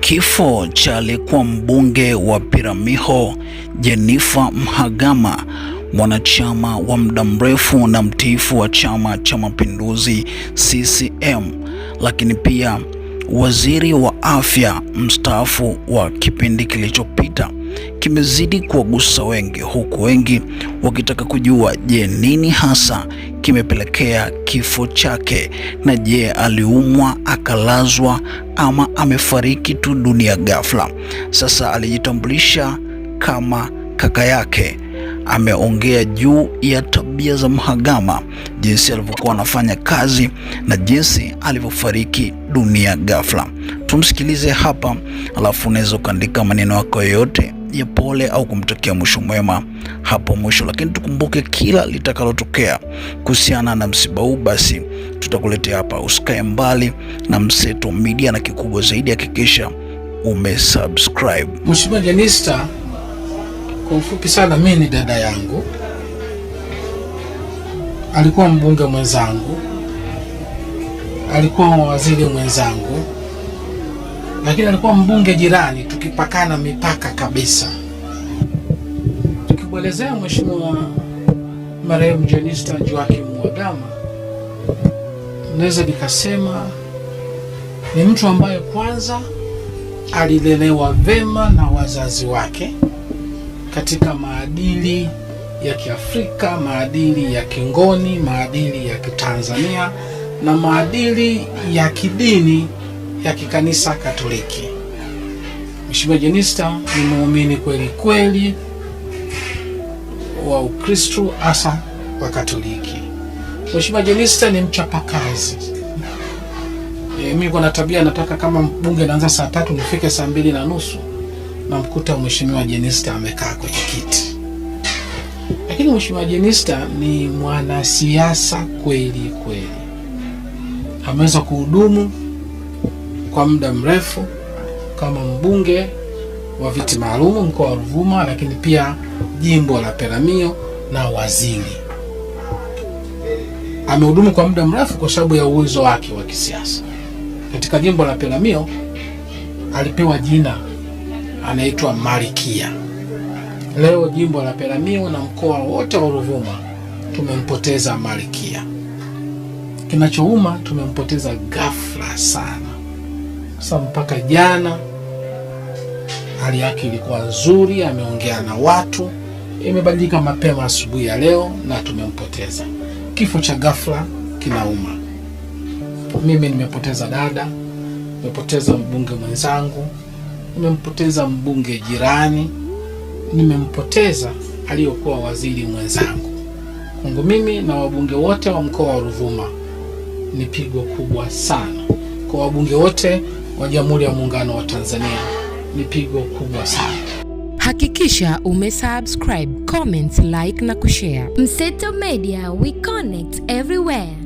Kifo cha aliyekuwa mbunge wa piramiho Jenifer Mhagama, mwanachama wa muda mrefu na mtiifu wa Chama cha Mapinduzi CCM, lakini pia waziri wa afya mstaafu wa kipindi kilichopita kimezidi kuwagusa wengi, huku wengi wakitaka kujua, je, nini hasa kimepelekea kifo chake, na je, aliumwa akalazwa, ama amefariki tu dunia ghafla? Sasa alijitambulisha kama kaka yake ameongea juu ya tabia za Mhagama, jinsi alivyokuwa anafanya kazi na jinsi alivyofariki dunia ghafla. Tumsikilize hapa, alafu unaweza ukaandika maneno yako yoyote ya pole au kumtakia mwisho mwema hapo mwisho, lakini tukumbuke kila litakalotokea kuhusiana na msiba huu, basi tutakuletea hapa. Usikae mbali na Mseto Media, na kikubwa zaidi, hakikisha umesubscribe. Mheshimiwa Jenista, kwa ufupi sana, mimi ni dada yangu, alikuwa mbunge mwenzangu, alikuwa waziri mwenzangu lakini alikuwa mbunge jirani, tukipakana mipaka kabisa. Tukibwelezea Mheshimiwa marehemu Jenista Joakim Mwadama, naweza nikasema ni mtu ambaye kwanza alilelewa vema na wazazi wake katika maadili ya Kiafrika, maadili ya kingoni, maadili ya Kitanzania na maadili ya kidini ya kikanisa Katoliki. Mheshimiwa Jenista ni muumini kweli kweli wa Ukristo hasa wa Katoliki. Mheshimiwa Jenista ni mchapakazi. E, mimi kuna tabia nataka kama mbunge naanza saa tatu nifike saa mbili na nusu namkuta Mheshimiwa Jenista amekaa kwenye kiti. Lakini Mheshimiwa Jenista ni mwanasiasa kweli kweli, ameweza kuhudumu kwa muda mrefu kama mbunge wa viti maalumu mkoa wa Ruvuma, lakini pia jimbo la peramio na waziri. Amehudumu kwa muda mrefu kwa sababu ya uwezo wake wa kisiasa. Katika jimbo la peramio alipewa jina anaitwa Malikia. Leo jimbo la peramio na mkoa wote wa Ruvuma tumempoteza Malikia. Kinachouma tumempoteza ghafla sana. Sasa mpaka jana hali yake ilikuwa nzuri, ameongea na watu, imebadilika mapema asubuhi ya leo na tumempoteza. Kifo cha ghafla kinauma. Mimi nimepoteza dada, nimepoteza mbunge mwenzangu, nimempoteza mbunge jirani, nimempoteza aliyokuwa waziri mwenzangu. Kwangu mimi na wabunge wote wa mkoa wa Ruvuma ni pigo kubwa sana kwa wabunge wote wa Jamhuri ya Muungano wa Tanzania. Ni pigo kubwa sana. Hakikisha umesubscribe, comment, like na kushare. Mseto Media, we connect everywhere.